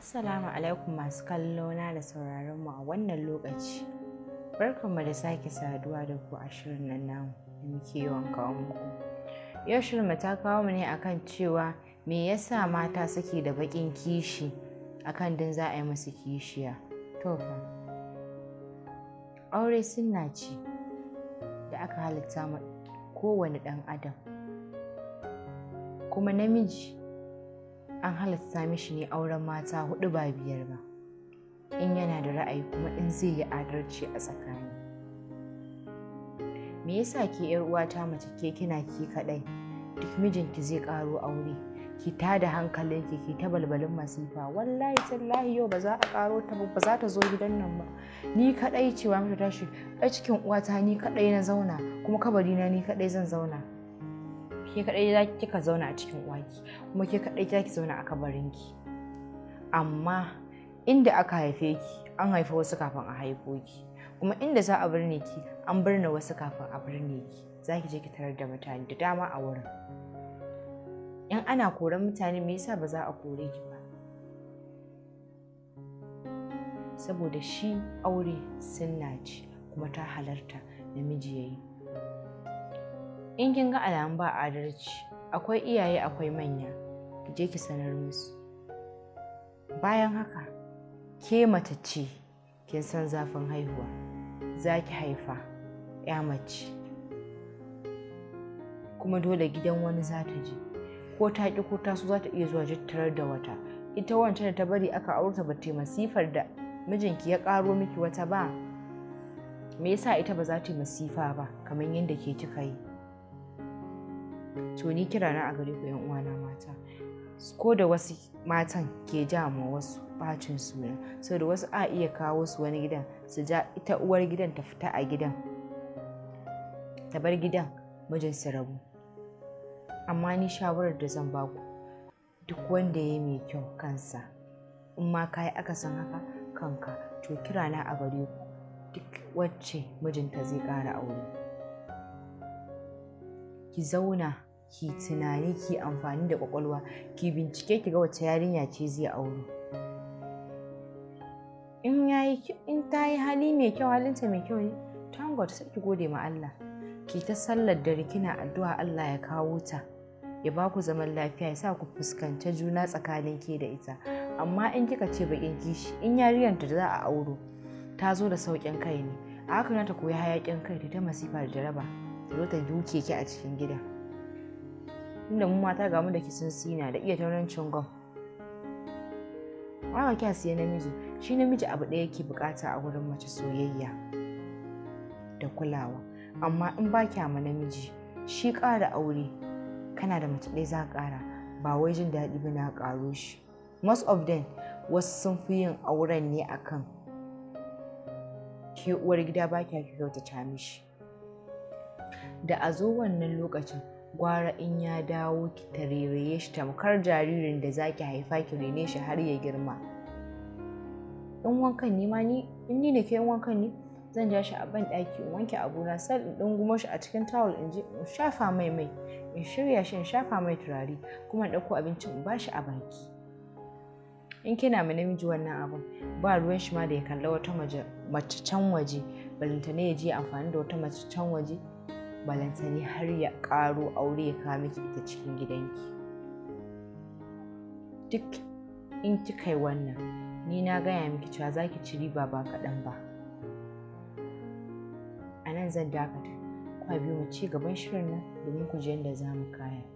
Assalamu alaikum masu kallo na da sauraron mu a wannan lokaci. Barkanmu da sake saduwa da ku a shirin nan namu da muke yawan kawo muku. Yau shirin mu ta kawo mu ne akan cewa me yasa mata suke da bakin kishi akan din za a yi musu kishiya. To fa. Aure sunna ce da aka halitta kowane ɗan adam. Kuma namiji an halatta mishi ne auren mata hudu ba biyar ba in yana da ra'ayi kuma in zai yi adalci a tsakani me yasa ke yar uwata mace ke kina ki kadai duk mijinki zai karo aure ki ta da hankalinki ki ta balbalin masifa wallahi tallahi yau ba za a karo ta ba za ta zo gidan nan ba ni kadai cewa mata tashi a cikin uwata ni kadai na zauna kuma kabari na ni kadai zan zauna ke kaɗai za kika zauna a cikin ki? kuma ke kaɗai za ki zauna a kabarinki amma inda aka haife ki an haifi wasu kafin a haifo ki kuma inda za a birne ki an birne wasu kafin a birne ki za ki je ki tarar da mutane da dama a wurin in ana koran mutane me yasa ba za a kore ki ba saboda shi aure sunna ce kuma ta halarta namiji ya yi in kin ga alamu ba adalci akwai iyaye akwai manya ki je ki sanar musu bayan haka ke mata ce kin san zafin haihuwa za ki haifa ya mace kuma dole gidan wani za ta je ko ta ƙi ko ta so za ta iya zuwa jittarar da wata ita wancan da ta bari aka aurta ba ta masifar da mijinki ya karo miki wata ba me yasa ita ba za ta yi masifa ba kamar yadda ke kika yi to ni kira na a gare ku yan uwana mata ko da wasu matan ke ja ma wasu bacin suna Sau da wasu a iya kawo su wani gidan su ja ita uwar gidan ta fita a gidan ta bar gidan mijin su rabu amma ni shawarar da zan baku duk wanda ya mai kyau kansa in ma ka yi akasin haka kanka to kira na a gare ku duk wacce mijinta zai ƙara aure ki zauna ki tunani ki amfani da kwakwalwa ki bincike ki ga wace yarinya ce zai auro in yayi in ta yi hali mai kyau halinta mai kyau ne thank god sai ki gode ma Allah ki ta sallar da rikina addu'a Allah ya kawo ta ya ba ku zaman lafiya ya sa ku fuskanta juna tsakanin ke da ita amma in kika ce bakin kishi in yarinyar da za a auro ta zo da sauƙin kai ne a hakan ta koyi hayakin kai ta masifa da jaraba ta ta duke ki a cikin gida inda mu mata ga mu da sun sina da iya taurin gwam ba kya siya namiji shi namiji abu ɗaya yake bukata a wurin mace soyayya da kulawa amma in ba kya ma namiji shi ƙara aure kana da mace ɗaya za ƙara ba wai jin daɗi ba na ƙaro shi most of them wasu sun fi yin auren ne akan ke uwar gida ba kya kyautata mishi da a zo wannan lokacin gwara in ya dawo ki tareraye shi tamkar jaririn da za ki haifa ki rene shi har ya girma in wankan ne ma ni in ni da ke wankan ne zan ja shi a ban ɗaki in wanke abuna sal in ɗungumo shi a cikin tawul in je in shafa mai mai in shirya shi in shafa mai turare kuma in ɗauko abinci in ba shi a baki in kina ma namiji wannan abun ba ruwan shi ma da ya kalla wata mace can waje balanta ne ya je amfani da wata mace can waje balantane har ya ƙaro aure ya kawo miki ita cikin gidanki duk in kika yi wannan ni na gaya miki cewa za ki ci riba ba kaɗan ba a nan zan dakata kwa biyu mu ci gaban shirin nan domin ku je zamu za mu kaya